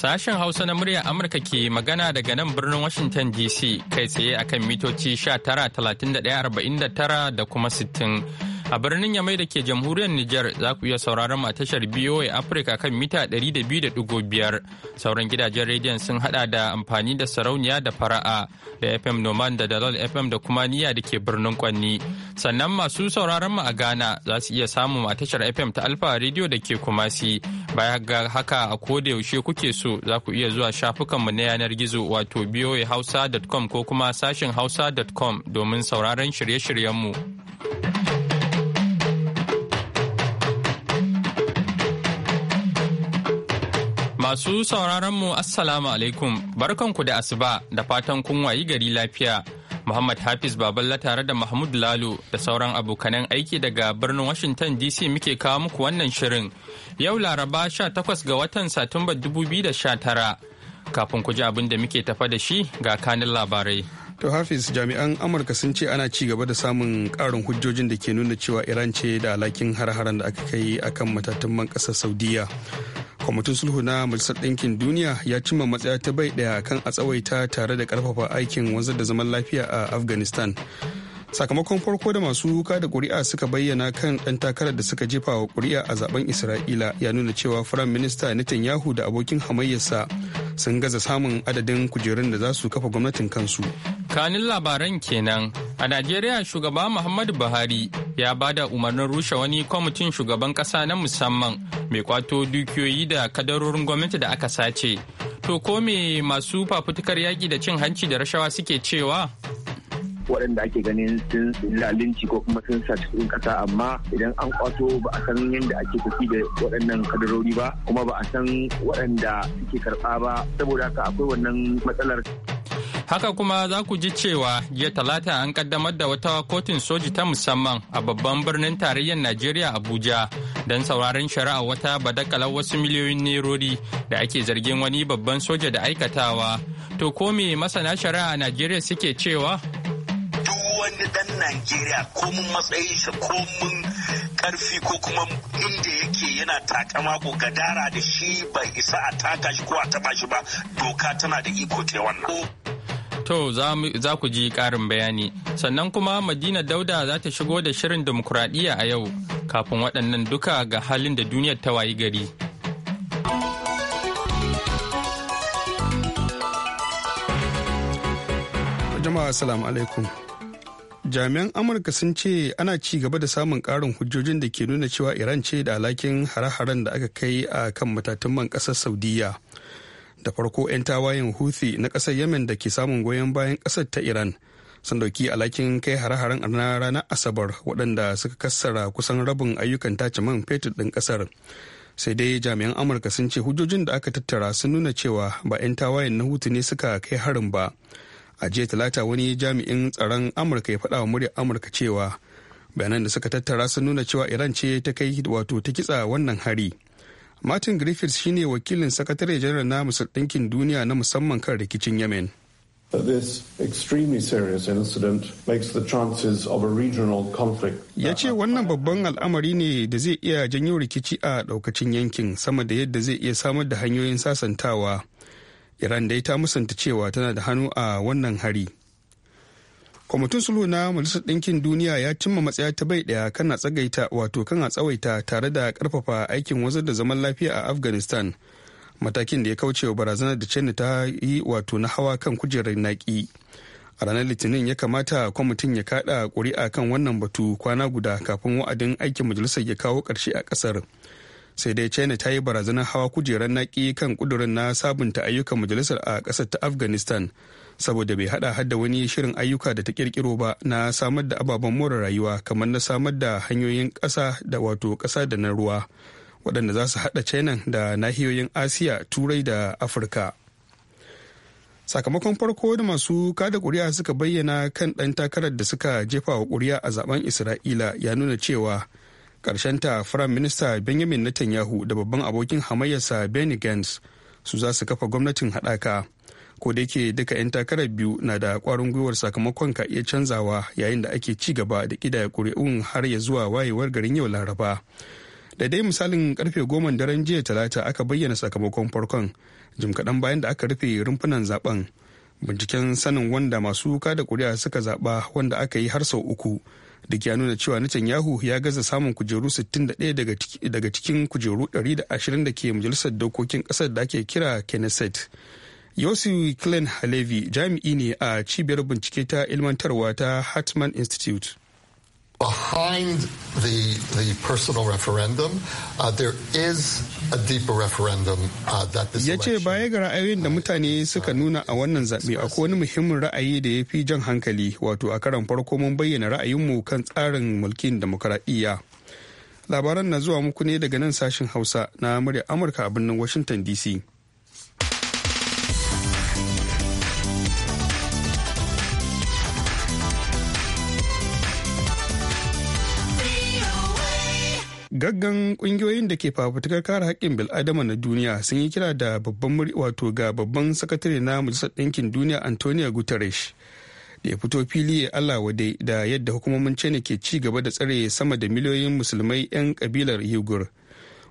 Sashen Hausa na murya Amurka ke magana daga nan birnin Washington DC kai tsaye akan mitoci 49 da kuma 60. A birnin Yamai da ke jamhuriyar Nijar za ku iya sauraron a tashar BOA Africa kan mita 200.5. Sauran gidajen rediyon sun hada da amfani da sarauniya da fara'a da FM Noman da dalal FM da kuma Niyya da ke birnin Kwanni. Sannan masu sauraron mu a Ghana za su iya samun a tashar FM ta Alfa Radio da ke Kumasi. Baya ga haka a koda yaushe kuke so za ku iya zuwa shafukanmu na yanar gizo wato boahausa.com ko kuma sashin hausa.com domin sauraron shirye-shiryenmu. mu. Masu sauraronmu Assalamu alaikum, barkanku da asuba da fatan kun wayi gari lafiya. Muhammad Hafiz Baballa tare da Mahmud Lalo da sauran abokanan aiki daga birnin Washington DC muke kawo muku wannan shirin. Yau Laraba 18 ga watan Satumba 2019. Kafin ku ji abin da muke tafa da shi ga kanin labarai. To Hafiz jami'an Amurka sun ce ana ci gaba da samun ƙarin hujjojin da ke nuna cewa Iran ce da alakin har-haren da aka kai akan matattun man ƙasar Saudiya. kwamitin sulhu na majalisar ɗinkin duniya ya cimma matsaya ta bai ɗaya kan a tsawaita tare da ƙarfafa aikin wanzar da zaman lafiya a afghanistan sakamakon farko da masu wuka da kuri'a suka bayyana kan ɗan takarar da suka jefa wa kuri'a a zaben isra'ila ya nuna cewa firayim minista netanyahu da abokin hamayyarsa sun gaza samun adadin kujerun da za su kafa gwamnatin kansu kanin labaran kenan a najeriya shugaba muhammadu buhari ya ba da umarnin rushe wani kwamitin shugaban ƙasa na musamman mai kwato dukiyoyi da kadarorin gwamnati da aka sace to ko me masu fafutukar yaƙi da cin hanci da rashawa suke cewa waɗanda ake ganin sun lalinci ko kuma sun sa cikin ƙasa amma idan an kwato ba a san yadda ake tafi da waɗannan kadarori ba kuma ba a san waɗanda suke karɓa ba saboda haka akwai wannan matsalar. Haka kuma za ku ji cewa jiya talata an kaddamar da wata kotun soji ta musamman a babban birnin tarayyar Najeriya Abuja don sauraron shari'a wata badakalar wasu miliyoyin nerori da ake zargin wani babban soja da aikatawa. To ko me masana shari'a a Najeriya suke cewa? wani dan Najeriya ko mun matsayin shi ko mun karfi ko kuma inda yake yana takama ko gadara da shi bai isa a taka shi ko a taba shi ba doka tana da iko ta wannan. To za ku ji ƙarin bayani. Sannan kuma Madina Dauda za ta shigo da shirin demokuraɗiyya a yau kafin waɗannan duka ga halin da duniyar ta wayi gari. Jama'a salamu alaikum. jami'an amurka sun ce ana ci gaba da samun karin hujjojin da ke nuna cewa iran ce da alhakin hare-haren da aka kai a kan matatun man kasar saudiya da farko 'yan tawayen houthi na kasar yemen da ke samun goyon bayan kasar ta iran sun dauki alhakin kai hare-haren a ranar asabar waɗanda suka kassara kusan rabin ayyukan tace man fetur ɗin kasar sai dai jami'an amurka sun ce hujjojin da aka tattara sun nuna cewa ba 'yan tawayen na hutu ne suka kai harin ba a jiya talata wani jami'in tsaron amurka ya faɗa wa muryar amurka cewa bayanan da suka tattara sun nuna cewa iran ce ta kai wato ta kitsa wannan hari martin griffiths shine wakilin sakatare janar na musul ɗinkin duniya na musamman kan rikicin yemen This Ya ce wannan babban al'amari ne da zai iya janyo rikici a daukacin yankin sama da yadda zai iya samar da hanyoyin sasantawa. iran dai ta musanta cewa tana da hannu a wannan hari kwamitin sulhu na majalisar ɗinkin duniya ya cimma matsaya ta bai ɗaya kana tsagaita wato kana tsawaita tare da ƙarfafa aikin wazar da zaman lafiya a afghanistan matakin da ya kauce wa barazanar da china ta yi wato na hawa kan kujerar naƙi a ranar litinin ya kamata kwamitin ya kaɗa ƙuri'a kan wannan batu kwana guda kafin wa'adin aikin majalisar ya kawo ƙarshe a ƙasar. sai dai china ta yi barazanar hawa kujerar naki kan kudurin na sabunta ayyukan majalisar a ƙasar ta afghanistan saboda bai hada hada wani shirin ayyuka da ta kirkiro ba na samar da ababen more rayuwa kamar na samar da hanyoyin ƙasa da wato ƙasa da na ruwa waɗanda za su hada china da nahiyoyin asiya turai da afirka sakamakon farko da masu kada kuri'a suka bayyana kan ɗan takarar da suka jefa wa kuri'a a zaben isra'ila ya nuna cewa ta firayim minista benjamin netanyahu da babban abokin hamayyarsa benny gantz su za su kafa gwamnatin haɗaka ko da yake duka 'yan takarar biyu na da ƙwarin gwiwar sakamakon ka iya canzawa yayin da ake ci gaba da kidaya ƙuri'un har ya zuwa wayewar garin yau laraba da dai misalin karfe goma daren jiya talata aka bayyana sakamakon farkon jim kaɗan bayan da aka rufe rumfunan zaben binciken sanin wanda masu da kuri'a suka zaɓa wanda aka yi har sau uku da ke nuna cewa Netanyahu ya gaza samun kujeru 61 daga cikin kujeru 120 da ke majalisar dokokin kasar da ake kira Knesset. yosi Klein Halevi jami'i ne a cibiyar bincike ta ilmantarwa ta Hartman Institute. behind the the personal referendum, uh, there is a deeper referendum uh, that this. Ya ce baya ga ra'ayoyin da mutane suka nuna a wannan zaɓe akwai wani muhimmin ra'ayi da ya fi jan hankali wato a karan farko mun bayyana ra'ayin mu kan tsarin mulkin demokuraɗiyya. Labaran na zuwa muku ne daga nan sashin Hausa na murya Amurka a birnin Washington DC. gaggan kungiyoyin da ke fafutukar kare haƙƙin bil'adama na duniya sun yi kira da babban wato ga babban sakatare na majalisar ɗinkin duniya antonio guterres da ya fito fili ya allah wade da yadda hukumomin china ke ci gaba da tsare sama da miliyoyin musulmai 'yan kabilar yugur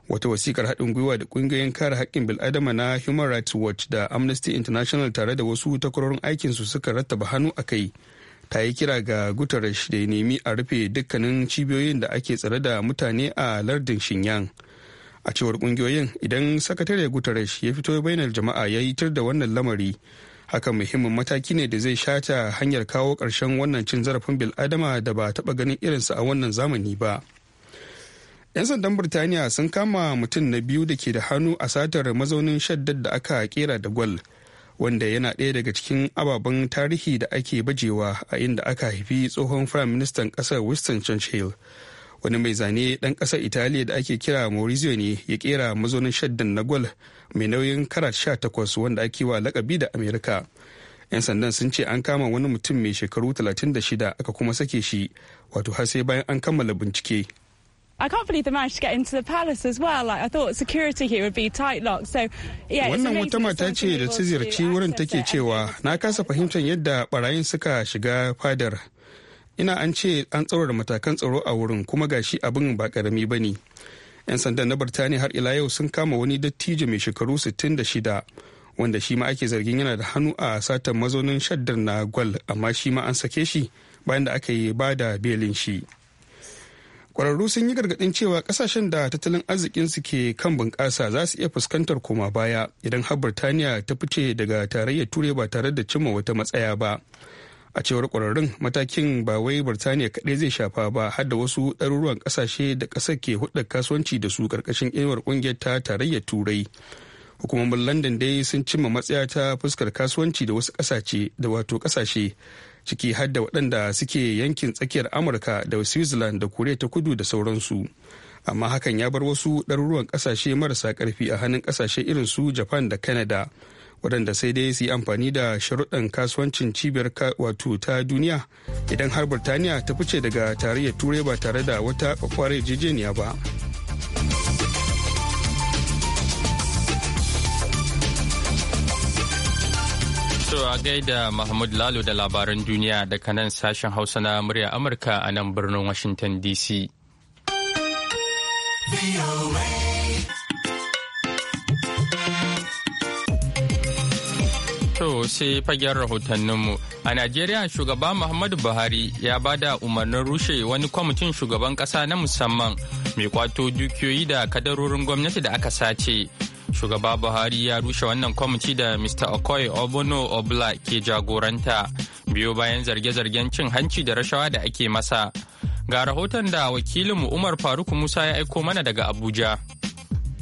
wata wasikar haɗin gwiwa da ƙungiyoyin kare haƙƙin bil'adama na human rights watch da amnesty international tare da wasu takwarorin aikinsu suka rattaba hannu a kai ta yi kira ga guterres da ya nemi a rufe dukkanin cibiyoyin da ake tsare da mutane a lardin shinyan a cewar kungiyoyin idan sakatare guterres ya fito bainar jama'a ya yi tar da wannan lamari hakan muhimmin mataki ne da zai shata hanyar kawo ƙarshen wannan cin zarafin bil'adama da ba taɓa ganin irinsa a wannan zamani ba 'yan sandan birtaniya sun kama mutum na biyu da ke da hannu a satar mazaunin shaddad da aka kera da gwal. wanda yana ɗaya daga cikin ababen tarihi da ake bajewa a inda aka haifi tsohon firaministan ministan ƙasar winston churchill wani mai zane ɗan ƙasar italiya da ake kira maurizio ne ya kera mazaunin shaddan na gwal mai nauyin karat 18 wanda ake wa lakabi da amerika 'yan sandan sun ce an kama wani mutum mai shekaru 36 aka kuma sake shi wato har sai bayan an kammala bincike I can't believe they managed to get into the palace as well. Like I thought security here would be tight locked. So yeah. Wannan wata mata ce da ta ziyarci wurin take cewa na kasa fahimtar yadda barayin suka shiga fadar. Ina an ce an tsaurara matakan tsaro a wurin kuma gashi abin ba karami ba ne. 'Yan sandan na Birtaniya har ila yau sun kama wani dattijo mai shekaru 66 wanda shi ma ake zargin yana da hannu a satan mazaunin shaddar na gwal amma shi ma an sake shi bayan da aka yi ba da belin shi. kwararru sun yi gargadin cewa kasashen da tattalin arzikinsu ke kan bunƙasa za su iya fuskantar koma baya idan har birtaniya ta fice daga tarayyar turai ba tare da cimma wata matsaya ba a cewar kwararrun matakin ba wai birtaniya kaɗai zai shafa ba har da wasu ɗaruruwan ƙasashe da ƙasar ke hudar kasuwanci da su ƙarƙashin inuwar ƙungiyar ta tarayyar turai hukumomin london dai sun cimma matsaya ta fuskar kasuwanci da wasu ƙasashe da wato ƙasashe ciki har da waɗanda suke yankin tsakiyar amurka da switzerland da koriya ta kudu da sauransu amma hakan ya bar wasu ɗaruruwan ƙasashe marasa ƙarfi a hannun ƙasashe irin su japan da canada waɗanda sai dai su yi amfani da sharuɗan kasuwancin cibiyar wato ta duniya idan har burtaniya ta fice daga tarayyar turai ba tare da wata ƙwaƙwarar jejeniya ba. so a gaida Mahmud Lalo da labaran duniya daga nan sashen Hausa na murya Amurka a nan birnin Washington DC. To sai fagen rahotanninmu. A Najeriya shugaba Muhammadu Buhari ya ba da umarnin rushe wani kwamitin shugaban kasa na musamman mai kwato dukiyoyi da kadarorin gwamnati da aka sace shugaba buhari ya rushe wannan kwamiti da mr okoye obono obla ke jagoranta biyo bayan zarge-zargen cin hanci da rashawa da ake masa ga rahoton da wakilinmu umar faruk musa ya aiko mana daga abuja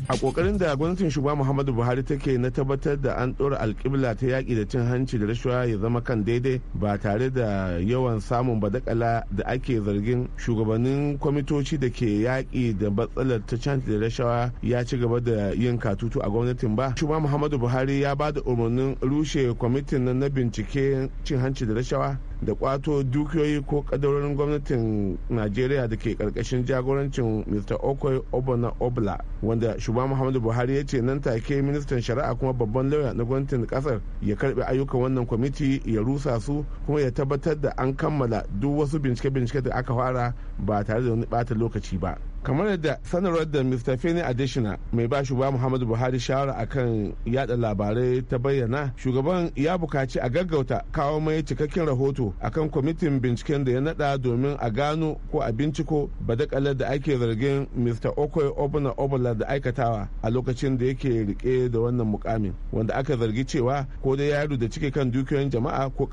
a kokarin da gwamnatin shugaba muhammadu buhari take na tabbatar da an ɗora alƙibla ta yaƙi da cin hanci da rashawa ya zama kan daidai ba tare da yawan samun badakala da ake zargin shugabannin kwamitoci da ke yaƙi da matsalar ta cin da rashawa ya ci gaba da yin katutu a gwamnatin ba shugaba muhammadu buhari ya ba da umarnin rushe kwamitin na bincike cin hanci da rashawa da kwato dukiyoyi ko kadarorin gwamnatin najeriya da ke karkashin jagorancin mr okoy obana obla wanda shuba muhammadu buhari ya ce nan take ministan shari'a kuma babban lauya na gwamnatin kasar ya karbi ayyukan wannan kwamiti ya rusa su kuma ya tabbatar da an kammala duk wasu bincike-bincike da aka fara ba tare da wani bata lokaci ba kamar yadda sanarwar da mr fene adishina mai ba shugaba muhammadu buhari shawara a kan yada labarai ta bayyana shugaban ya bukaci a gaggauta kawo mai cikakken rahoto akan kwamitin binciken da ya nada domin a gano ko a binciko badakalar da ake zargin mr okoye obuna obula da aikatawa a lokacin da yake rike da wannan mukamin wanda aka zargi cewa ko dai ya da cike kan dukiyoyin jama'a ko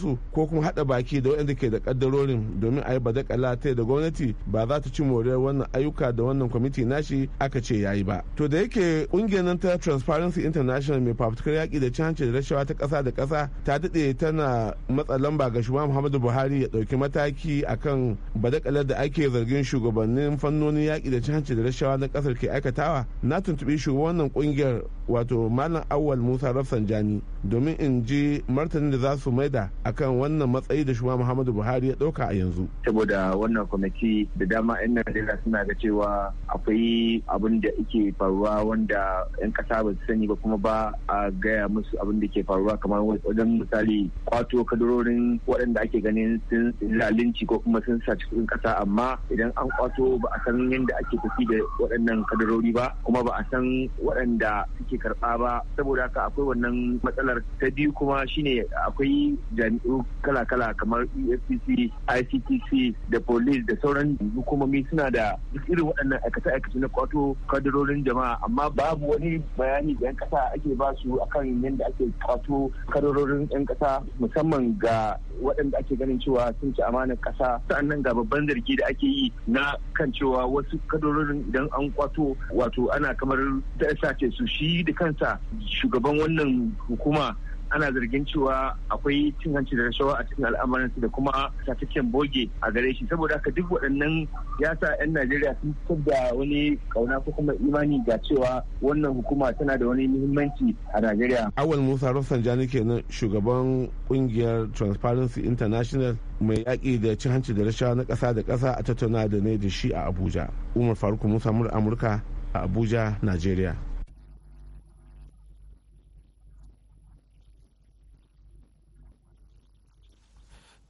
su ko kuma hada baki da waɗanda ke da kaddarorin domin a yi badakala ta da gwamnati ba za ta ci moriyar wannan irin ayyuka da wannan kwamiti nashi aka ce yayi ba to da yake kungiyar ta transparency international mai fafutukar yaƙi da cin da rashawa ta ƙasa da ƙasa ta daɗe tana matsa lamba ga shugaban muhammadu buhari ya ɗauki mataki akan badakalar da ake zargin shugabannin fannonin yaƙi da cin da rashawa na ƙasar ke aikatawa na tuntuɓi shugaban wannan kungiyar wato malam awal musa rafsanjani domin in ji martanin da za su maida akan wannan matsayi da shugaba muhammadu buhari ya ɗauka a yanzu saboda wannan kwamiti da dama yan najeriya suna ga cewa akwai abin da ke faruwa wanda yan kasa ba su sani ba kuma ba a gaya musu abin da ke faruwa kamar wajen misali kwato kadurorin waɗanda ake ganin sun lalinci ko kuma sun sa cikin kasa amma idan an kwato ba a san yadda ake tafi da waɗannan kadarori ba kuma ba a san waɗanda suke ake karɓa ba saboda haka akwai wannan matsalar ta biyu kuma shine akwai jami'u kala-kala kamar efcc ictc da police da sauran hukumomi suna da duk irin waɗannan aikace-aikace na kwato kadarorin jama'a amma babu wani bayani da 'yan ƙasa ake ba su akan yadda ake kwato kadarorin 'yan ƙasa musamman ga waɗanda ake ganin cewa sun ci amanar ƙasa sa'annan ga babban zargi da ake yi na kan cewa wasu kadarorin idan an kwato wato ana kamar da sace su shi da kansa shugaban wannan hukuma ana zargin cewa akwai cin hanci da rashawa a cikin al'amuransu da kuma tafiken boge a gare shi saboda haka duk waɗannan ya sa 'yan najeriya sun fitar da wani kauna ko kuma imani ga cewa wannan hukuma tana da wani muhimmanci a najeriya awal musa rafsanjani kenan shugaban kungiyar transparency international mai yaƙi da cin hanci da rashawa na ƙasa da ƙasa a tattauna da ne da shi a abuja umar faruk musa amurka a abuja najeriya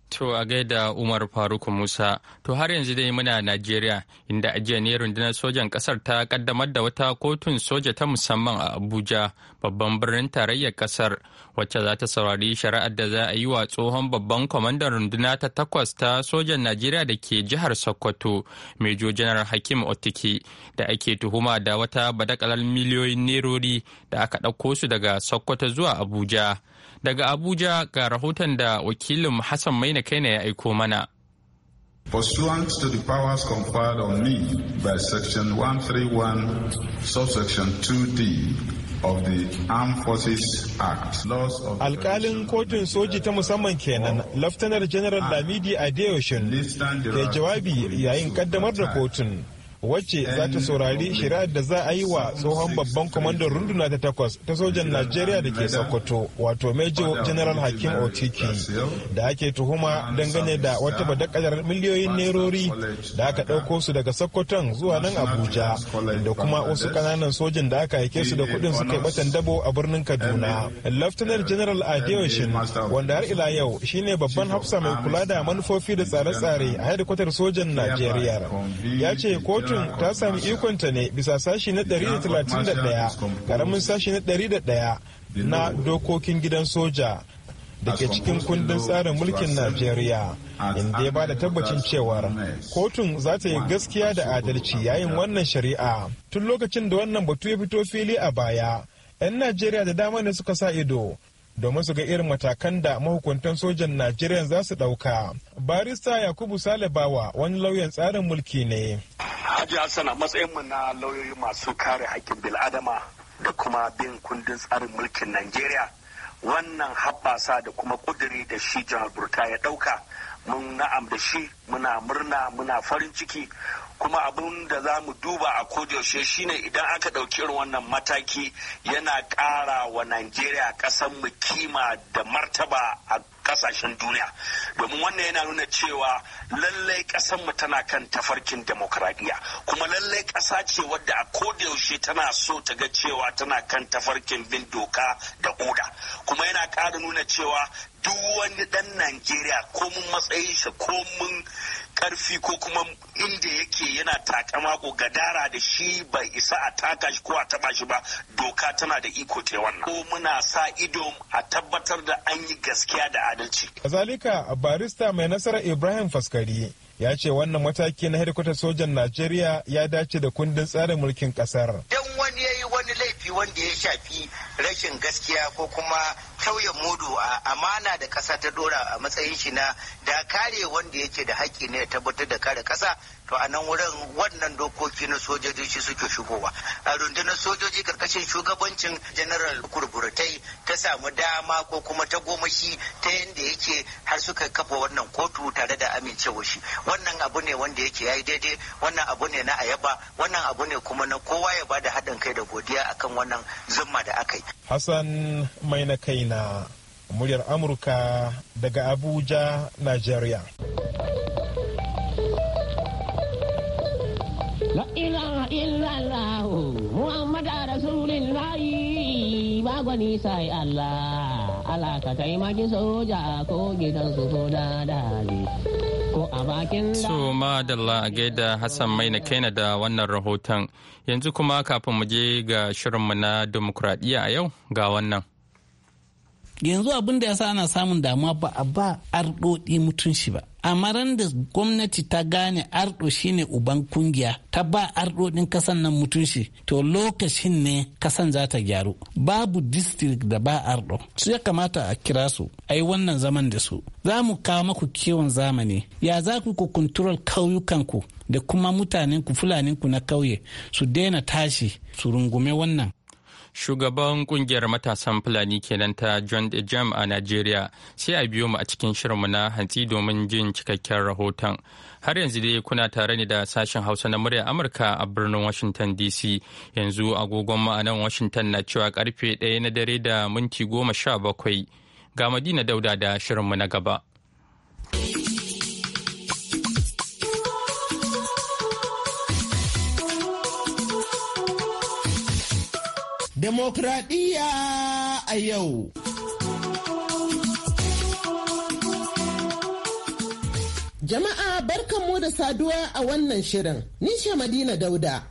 To a gaida Umar Faruk Musa, to har yanzu dai muna Najeriya inda ajiya ne rundunar sojan kasar ta kaddamar da wata kotun soja ta musamman a Abuja, babban birnin tarayyar kasar wacce za ta saurari shari'ar da za a yi wa tsohon babban kwamandan runduna ta takwas ta sojan Najeriya da ke jihar Sokoto, Major General Hakim Otiki, da ake tuhuma da wata badakalar miliyoyin nerori da aka ɗauko su daga Sokoto zuwa Abuja. Daga Abuja ga rahoton da wakilin Hassan Maina Kaina ya aiko mana. Pursuant to the powers conferred on me by Section 131, subsection 2D of the armed forces act. alkalin kotun soji ta musamman kenan, Laftanar General ah. Lamidi Adeoshin, ke jawabi yayin kaddamar da kotun. wacce za ta saurari shirar da za a yi wa tsohon babban kwamandan runduna ta takwas ta sojan najeriya da ke sokoto wato major general hakim otiki da ake tuhuma dangane da wata badakadar miliyoyin nerori da aka ɗauko su daga sokoton zuwa nan abuja da kuma wasu kananan sojan da aka aike su da kuɗin su kai batan dabo a birnin kaduna lieutenant general adeoshin wanda har ila yau shine babban hafsa mai kula da manufofi da tsare-tsare a sojan najeriya ya ce kotu kotun ta sami ikonta ne bisa sashi na 131 karamin sashi na 101 na dokokin gidan soja da ke cikin kundin tsarin mulkin najeriya inda ya ba da tabbacin cewar kotun za ta yi gaskiya da adalci yayin wannan shari'a tun lokacin da wannan batu ya fito fili a baya 'yan najeriya da dama ne suka sa ido domin su ga irin matakan da mahukuntan sojan Najeriya za su ɗauka. Barista Yakubu salibawa wani lauyan tsarin mulki ne. ji Hassan a matsayinmu na lauyoyi masu kare haƙƙin bil'adama da kuma bin kundin tsarin mulkin Najeriya wannan haɓasa da kuma ƙuduri da shi jihar Burta ya ɗauka mun na'am da shi muna murna muna farin ciki kuma abin da za mu duba a shi ne idan aka ɗauki irin wannan mataki yana ƙara wa Najeriya ƙasar mu kima da martaba a kasashen duniya domin wannan yana nuna cewa lallai ƙasar mu tana kan tafarkin demokradiyya kuma lallai ƙasa ce wadda a kodayaushe tana so ta ga cewa tana kan tafarkin bin doka da oda kuma yana ƙara nuna cewa duk wani ɗan najeriya ko mun matsayinsa ko mun karfi ko kuma inda yake yana takama ko gadara da shi bai isa a taka shi ko a taba shi ba doka tana da iko ce wannan ko muna sa ido a tabbatar da an yi gaskiya da adalci. Kazalika barista mai nasarar Ibrahim Faskari ya ce wannan mataki na hedikwatar sojan Najeriya ya dace da kundin tsarin mulkin kasar. Don wani ya yi wani laifi wanda ya shafi rashin gaskiya ko kuma tauye mudu a amana da kasa ta dora a matsayin shi na da kare wanda yake da haƙƙi ne ya tabbatar da kare kasa to a nan wurin wannan dokoki na sojoji shi suke shigowa a rundunar sojoji karkashin shugabancin general kurburtai ta samu dama ko kuma ta gomashi ta yadda yake har suka kafa wannan kotu tare da amincewa shi wannan abu ne wanda yake yayi daidai wannan abu ne na ayaba wannan abu ne kuma na kowa ya bada haɗin kai da godiya akan wannan zumma da aka yi hassan mai na kaina muryar amurka daga abuja nigeria La ilaha illallah Muhammad Rasulullah ba gwani sai Allah Allah ka soja ko gidan su ko dadali ko a bakin da So madalla a gaida Hassan Maina kaina da wannan rahoton yanzu kuma kafin mu je ga shirinmu na demokradiyya a yau ga wannan yanzu abin da ya sa ana samun damuwa ba a ba arɗoɗi mutunci ba amma ran da gwamnati ta gane arɗo shine uban kungiya ta ba arɗoɗin kasan nan mutunci to lokacin ne kasan za ta gyaru babu district da ba arɗo su ya kamata a kira su a yi wannan zaman da su za mu kawo maku kiwon zamani ya za ku ku kuntural kauyukanku da kuma mutanenku fulaninku na kauye su daina tashi su rungume wannan shugaban kungiyar matasan fulani kenan ta john de jam a nigeria sai a biyo mu a cikin shirinmu na hantsi domin jin cikakken rahoton har yanzu dai kuna tare ne da sashen hausa na murya amurka a birnin washington dc yanzu agogon ma'anan washington na cewa karfe 1 na dare da minti goma sha bakwai ga madina dauda da shirinmu na gaba. Demokradiyya a yau. Jama'a barkanmu da saduwa a wannan shirin. Nisha Madina Dauda.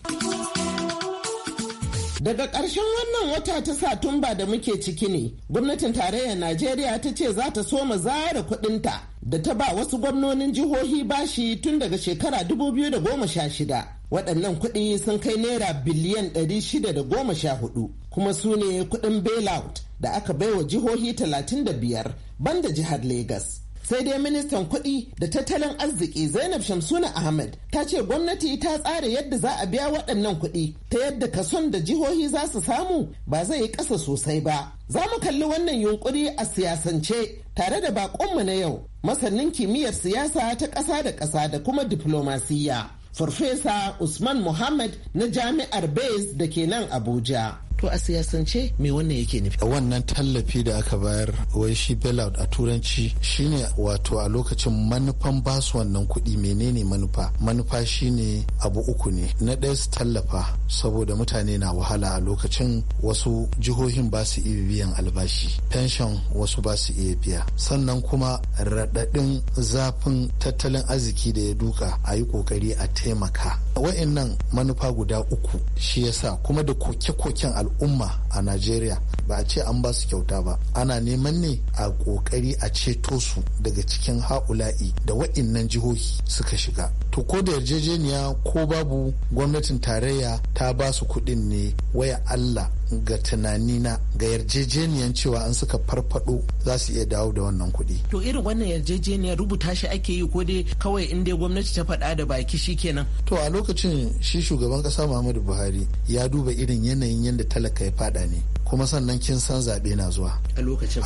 Daga ƙarshen wannan wata ta Satumba da muke ciki ne, gwamnatin tarayyar Najeriya ta ce za ta soma zara kuɗinta da ta ba wasu gwamnonin jihohi bashi tun daga shekara 2016. waɗannan kuɗi sun kai naira biliyan 614 kuma su ne kuɗin bailout da aka baiwa jihohi 35 banda jihar Legas. sai dai ministan kuɗi da tattalin arziki zainab shamsuna ahmed ta ce gwamnati ta tsara yadda za a biya waɗannan kuɗi ta yadda kason da jihohi za su samu ba zai yi ƙasa sosai ba za mu kalli wannan yunƙuri a siyasance tare da baƙonmu na yau masanin kimiyyar siyasa ta ƙasa da ƙasa da kuma diflomasiyya Farfesa Usman Muhammad na Jami'ar Bayes da ke nan Abuja. to a siyasance me wannan yake nufi wannan tallafi da aka bayar wai shi bailout a turanci shine wato a lokacin manufan basu wannan kuɗi menene manufa manufa shine abu uku ne na ɗaya su tallafa saboda mutane na wahala a lokacin wasu jihohin ba su iya biyan albashi pension wasu ba su iya biya sannan kuma raɗaɗin zafin tattalin arziki da ya duka a yi ƙoƙari a taimaka wa'in nan manufa guda uku shi yasa kuma da koke-koken a al'umma a najeriya ba a ce an ba su kyauta ba ana neman ne a kokari a ceto su daga cikin haula'i da wa'innan jihohi suka shiga to ko da yarjejeniya ko babu gwamnatin tarayya ta ba su kuɗin ne waya allah ga tunanina ga yarjejeniyan cewa an suka farfado za su iya dawo da wannan kuɗi. To irin wannan yarjejeniyar rubuta shi ake yi ko dai kawai inda gwamnati ta faɗa da baki shi kenan. To a lokacin shi shugaban ƙasa Muhammadu Buhari ya duba irin yanayin yadda talaka ya faɗa ne kuma sannan nan kin san zaɓe na zuwa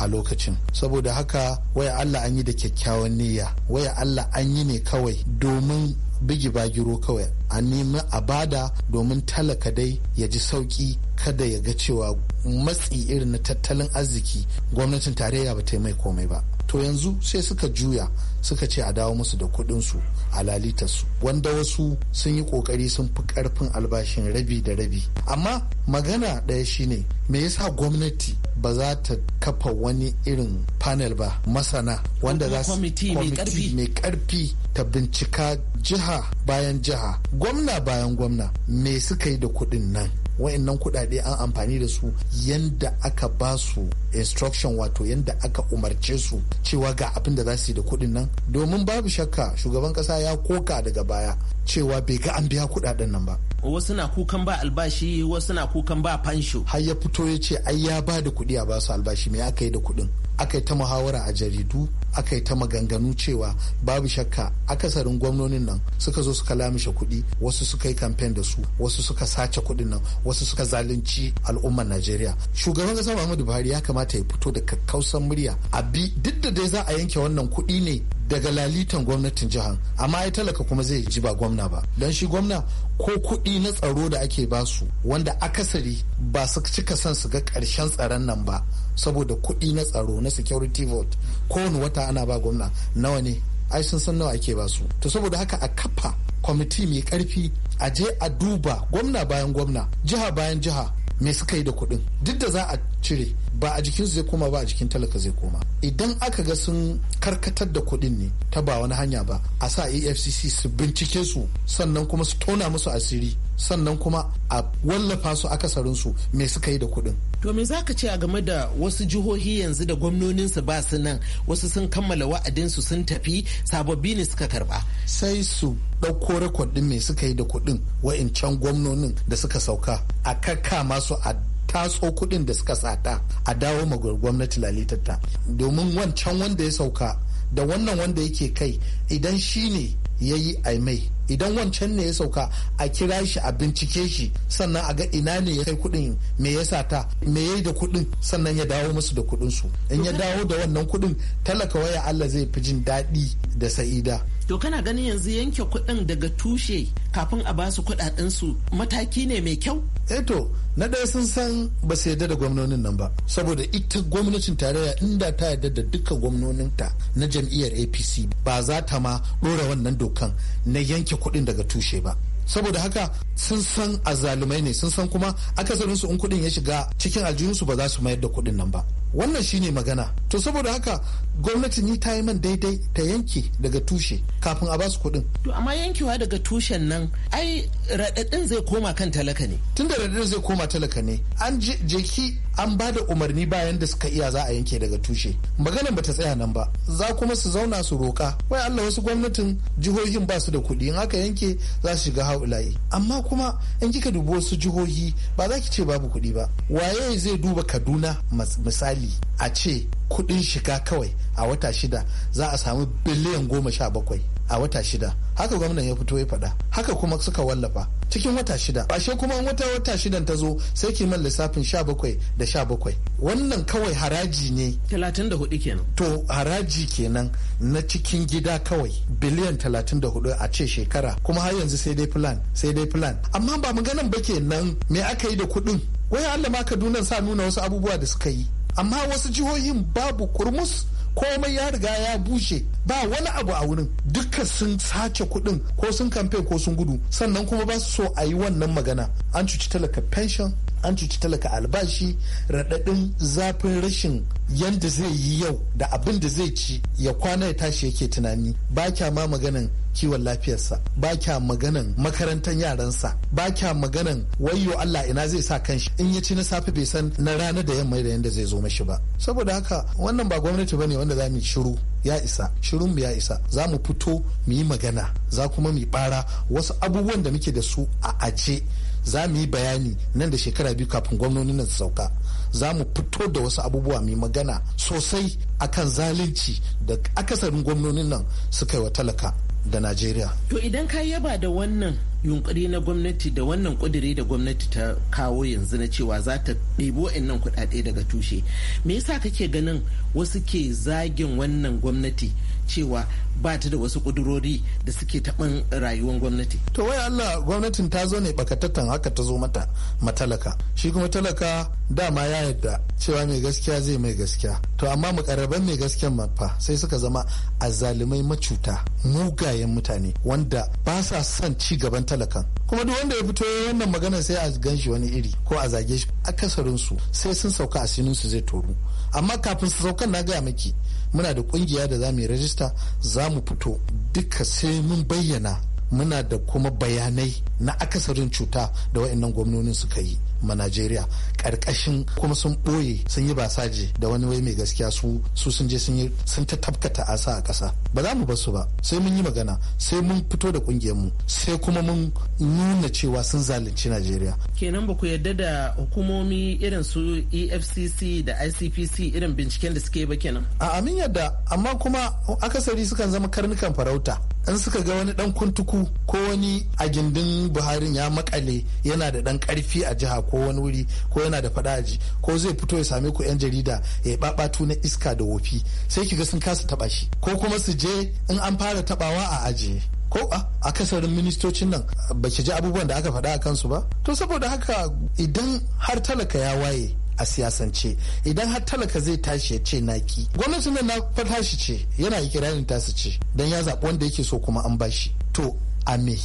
a lokacin saboda haka waya Allah an yi da kyakkyawan niyya waya Allah an yi ne kawai domin bigi bagiro kawai a nemi a bada domin talaka dai ya ji sauƙi kada ya ga cewa matsi irin na tattalin arziki gwamnatin tarayya ba ta yi mai komai ba to yanzu sai suka juya suka ce a dawo musu da su a lalitarsu wanda wasu sun yi ƙoƙari sun fi ƙarfin albashin rabi da rabi amma magana ɗaya shine me yasa gwamnati ba za ta kafa wani irin panel ba masana wanda za su kwamiti mai ƙarfi ta bincika jiha bayan jiha gwamna bayan gwamna me suka yi da kuɗin nan wa'annan kudade an amfani da su yanda aka ba su instruction wato yanda aka umarce su cewa ga abin da za su yi da kudin nan domin babu shakka shugaban kasa ya koka daga baya cewa bai ga an biya kudaden nan ba wasu na kukan ba albashi wasu na kukan ba fansho har ya fito ya ce ai ya ba da kuɗi a ba su albashi me aka yi da kuɗin aka yi ta muhawara a jaridu aka yi ta maganganu cewa babu shakka akasarin gwamnonin nan suka zo suka lamishe kuɗi wasu suka yi kamfen da su wasu suka sace kuɗin nan wasu suka zalunci al'ummar najeriya shugaban ƙasar muhammadu buhari ya kamata ya fito da kakkausan murya a bi duk da dai za a yanke wannan kuɗi ne daga lalitan gwamnatin jihar amma ai talaka kuma zai ji ba gwamna ba don shi gwamna ko kuɗi na tsaro da ake basu wanda akasari ba su cika son su ga ƙarshen tsaron nan ba saboda kuɗi na tsaro na security vote kowane wata ana ba gwamna nawa ne ai sun san nawa ake basu to saboda haka a kafa kwamiti mai karfi a je a duba gwamna bayan gwamna jiha bayan jiha me suka yi da kuɗin duk da za a cire ba a jikin zai koma ba a jikin talaka zai koma idan aka ga sun karkatar da kuɗin ne ta ba wani hanya ba a sa efcc su bincike su sannan kuma su tona musu asiri sannan kuma a wallafa su akasarin su me suka yi da kuɗin to me zaka ce a game da wasu jihohi yanzu da gwamnoninsu ba su nan wasu sun kammala wa'adinsu sun tafi sababbi ne suka karba sai su ɗauko rikodin me suka yi da kuɗin wa'incan gwamnonin da suka sauka a kakka masu a tatso kuɗin da suka sata a dawo ma gwamnati lalitatta domin wancan wanda ya sauka da wannan wanda yake kai idan shi ne ya yi aimai idan wancan ne ya sauka a kira shi a bincike shi sannan a ga ina ne ya kai kuɗin me ya sata me ya yi da kuɗin sannan ya dawo musu da kuɗin su in ya dawo da wannan kuɗin talaka waya Allah zai fi jin daɗi da sa'ida to kana ganin yanzu yanke kuɗin daga tushe kafin a basu kuɗaɗen su mataki ne mai kyau eto eh na ɗaya sun san ba su yarda da gwamnonin nan ba saboda ita gwamnatin tarayya inda ta yarda da dukkan gwamnoninta na jam'iyyar apc ba za ta ma ɗora wannan dokan na yanke kuɗin daga tushe ba saboda haka sun san azalumai ne sun san kuma akasarinsu in kuɗin ya shiga cikin aljihunsu ba za su mayar da kuɗin nan ba wannan shine magana to saboda haka gwamnati ni ta yi man daidai ta yanke daga tushe kafin a basu kuɗin to amma yankewa daga tushen nan ai raɗaɗin zai koma kan talaka ne Tun da raɗaɗin zai koma talaka ne an jeki an ba da umarni bayan da suka iya za a yanke daga tushe maganan ta tsaya nan ba za kuma su zauna su roka wai Allah wasu gwamnatin jihohin ba su da kuɗi in aka yanke za su shiga haulayi amma kuma in kika dubi wasu jihohi ba za ki ce babu kuɗi ba waye zai duba Kaduna misali misali a ce kudin shiga kawai a wata shida za a samu biliyan goma sha bakwai a wata shida haka gwamnan ya fito ya faɗa haka kuma suka wallafa cikin wata shida ashe kuma wata wata shidan ta zo sai kiman lissafin sha bakwai da sha bakwai wannan kawai haraji ne talatin da hudu kenan to haraji kenan na cikin gida kawai biliyan talatin da hudu a ce shekara kuma har yanzu sai dai plan sai dai plan amma ba maganan ba kenan me aka yi da kuɗin wai Allah ma Kaduna sa nuna wasu abubuwa da suka yi amma wasu jihohin babu kurmus komai ya riga ya bushe ba wani abu a wurin dukkan sun sace kuɗin ko sun kamfe ko sun gudu sannan kuma ba su so a yi wannan magana an cuci talaka pension an cuci talaka albashi raɗaɗin zafin rashin yadda zai yi yau da abin da zai ci ya kwana ya tashi yake tunani ba kya ma maganan kiwon lafiyarsa ba kya maganan makarantar yaransa ba kya maganan wayo Allah ina zai sa kanshi in ya ci na safe bai san na rana da yamma da yadda zai zo mashi ba saboda haka wannan ba gwamnati bane wanda za mu shiru ya isa shirin ya isa za mu fito mu yi magana za kuma mu bara wasu abubuwan da muke da su a aje za mu yi bayani nan da shekara biyu kafin gwamnonin nan sauka za mu fito da wasu abubuwa mai magana sosai a kan zalunci da akasarin gwamnonin nan suka yi wa talaka da najeriya to idan ka yaba da wannan yunkuri na gwamnati da wannan kuduri da gwamnati ta kawo yanzu na cewa za ta ɗebo nan kuɗaɗe daga tushe me yasa kake ganin wasu ke zagin wannan gwamnati cewa ba ta da wasu kudurori da suke taɓan rayuwar gwamnati to wai allah gwamnatin ta zo ne bakatattan haka ta zo mata matalaka shi kuma talaka dama ya yadda cewa mai gaskiya zai mai gaskiya to amma mukarraban mai gaskiyan fa sai suka zama azzalumai macuta mugayen mutane wanda ba sa son ci gaban talakan kuma duk wanda ya fito wannan magana sai a gan wani iri ko a zage shi akasarin su sai sun sauka a sinin su zai toru amma kafin su sauka na gaya miki muna da kungiya da za mu yi rajista za mu fito duka sai mun bayyana muna da kuma bayanai na akasarin cuta da wa'annan gwamnonin suka yi ma Najeriya karkashin kuma sun boye sun yi basaji da wani wai mai gaskiya su su sun je sun yi sun ta tabkata asa a ƙasa ba za mu bar su ba sai mun yi magana sai mun fito da kungiyar mu sai kuma mun nuna cewa sun zalunci Najeriya kenan ba ku yarda da hukumomi irin su EFCC da ICPC irin binciken da suke ba kenan a amin yarda amma kuma akasari sukan zama karnukan farauta in suka ga wani dan kuntuku ko wani a gindin buharin ya makale yana da dan karfi a jiha ko wani wuri ko yana da ji ko zai fito ya same ku yan jarida ya babatu na iska da wofi sai kiga sun kasa taba shi ko kuma su je in an fara tabawa a ajiye ko a akasarin ministocin nan ba ki ji abubuwan da aka faɗa a kansu ba to saboda haka idan har talaka ya waye a siyasance idan har talaka zai tashi ya ce naki gwamnatin nan na tashi ce yana ikirarin tasu ce dan ya zaɓi wanda yake so kuma an bashi to a me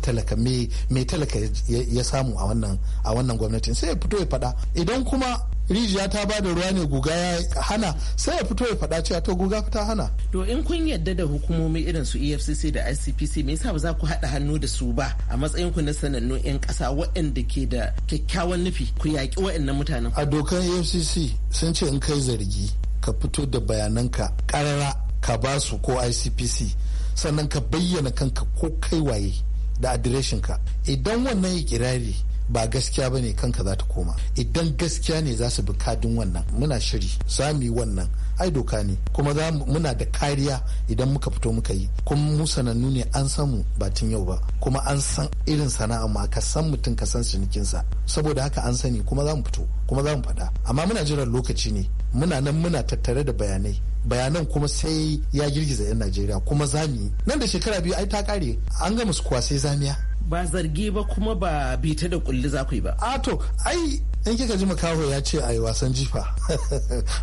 talaka me talaka ya samu a wannan a gwamnatin sai ya fito ya faɗa idan kuma rijiya ta ba da ruwa ne guga ya hana sai ya fito ya faɗa cewa to guga ta hana to in kun yadda da hukumomi irin su efcc da icpc me yasa ba za ku haɗa hannu da su ba a matsayin ku na sanannun 'yan ƙasa waɗanda ke da kyakkyawan nufi ku yaƙi waɗannan mutanen a dokan efcc sun ce in kai zargi ka fito da bayananka karara ka ba su ko icpc sannan ka bayyana kanka ko kai waye da adireshinka idan wannan ikirari ba gaskiya ba ne kanka za ta koma idan gaskiya ne za su bi kadin wannan muna shiri za mu yi wannan ai doka ne kuma za muna da kariya idan muka fito muka yi kuma mu sanannu ne an san mu ba tun yau ba kuma an san irin sana'a ma ka san mutum ka san cinikinsa saboda haka an sani kuma za mu fito kuma za mu faɗa amma muna jiran lokaci ne muna nan muna tattare da bayanai bayanan kuma sai ya girgiza 'yan najeriya kuma zami nan da shekara biyu ai ta kare an gama su kuwa sai zamiya ba zargi ba kuma ba bita da kulli za ku yi ba a to ai in kika ji makaho ya ce a yi wasan jifa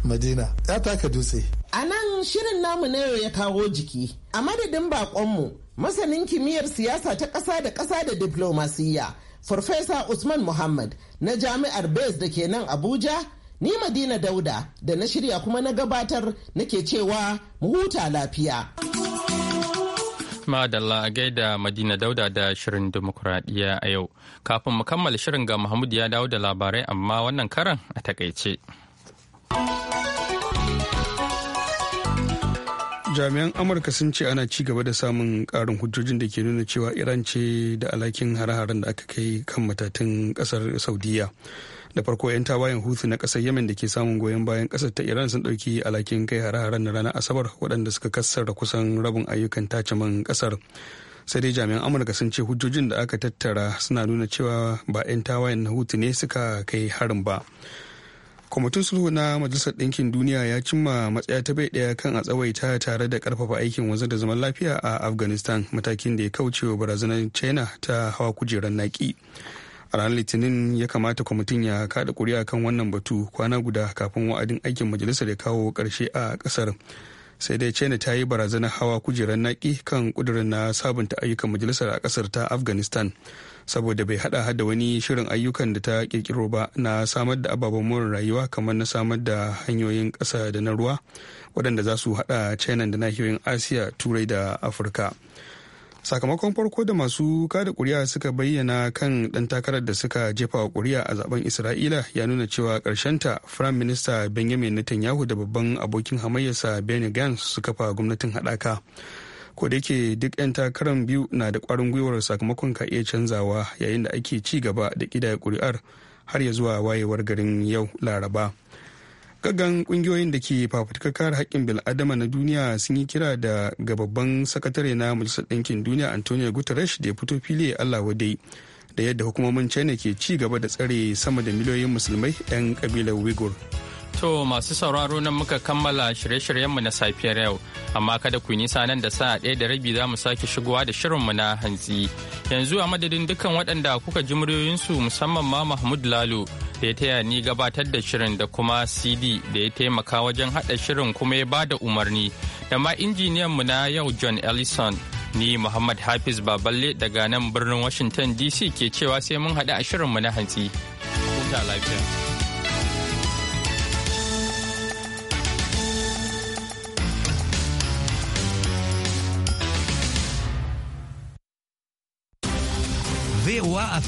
madina ya taka dutse a nan shirin namu na yau ya kawo jiki a madadin bakonmu masanin kimiyyar siyasa ta ƙasa da ƙasa da diplomasiyya farfesa usman muhammad na jami'ar bez da ke nan abuja ni madina dauda da na shirya kuma na gabatar nake cewa mu huta lafiya. Dalla a gaida Madina Dauda da Shirin Dimokuraɗiyya a yau. Kafin mu kammala shirin ga Mahmud ya dawo da labarai amma wannan karan a takaice. Jami'an Amurka sun ce ana ci gaba da samun ƙarin hujjojin da ke nuna cewa Iran ce da alhakin hare-haren da aka kai kan matatun ƙasar saudiyya. da farko 'yan tawayen hutu na kasar yemen da ke samun goyon bayan kasar ta iran sun dauki alhakin kai hare-haren na ranar asabar waɗanda suka kassara kusan rabin ayyukan tace man kasar sai dai jami'an amurka sun ce hujjojin da aka tattara suna nuna cewa ba 'yan tawayen na hutu ne suka kai harin ba kwamitin sulhu na majalisar ɗinkin duniya ya cimma matsaya ta bai ɗaya kan a tsawaita tare da ƙarfafa aikin wanzar da zaman lafiya a afghanistan matakin da ya kaucewa barazanar china ta hawa kujerar naki. a ranar litinin ya kamata kwamitin ya kada kuri'a kan wannan batu kwana guda kafin wa'adin aikin majalisar ya kawo karshe a kasar sai dai china ta yi barazanar hawa kujerar naki kan kudirin na sabunta ayyukan majalisar a kasar ta afghanistan saboda bai hada hada wani shirin ayyukan da ta kirkiro ba na samar da ababen more rayuwa kamar na samar da hanyoyin kasa da na ruwa waɗanda za su hada china da nahiyoyin asiya turai da afirka sakamakon farko da masu kada kuri'a suka bayyana kan dan takarar da suka jefa wa kuri'a a zaben isra'ila ya nuna cewa ta firayim minista benjamin netanyahu da babban abokin hamayyarsa benny gantz su kafa gwamnatin hadaka ko da yake duk 'yan takarar biyu na da kwarin gwiwar sakamakon ka iya canzawa yayin da ake ci gaba da ƙidaya kuri'ar har ya zuwa wayewar garin yau laraba kagan kungiyoyin da ke fafutukar kare haƙƙin bil'adama na duniya sun yi kira da ga babban sakatare na majalisar ɗinkin duniya antonio guterres da ya fito fili allah wadai da yadda hukumomin china ke ci gaba da tsare sama da miliyoyin musulmai 'yan kabilar uyghur To masu sauraro nan muka kammala shirye-shiryenmu na safiyar yau, amma kada ku nisa nan da sa ɗaya da rabi za mu sake shigowa da shirinmu na hantsi. Yanzu a madadin dukkan waɗanda kuka ji muryoyinsu musamman ma Mahmud Lalo da ya taya ni gabatar da shirin da kuma CD da ya taimaka wajen haɗa shirin kuma ya bada umarni da ma injiniyanmu na yau John Ellison. Ni Muhammad Hafiz Baballe daga nan birnin Washington DC ke cewa sai mun haɗu a shirinmu na hantsi. Huta lafiya. What.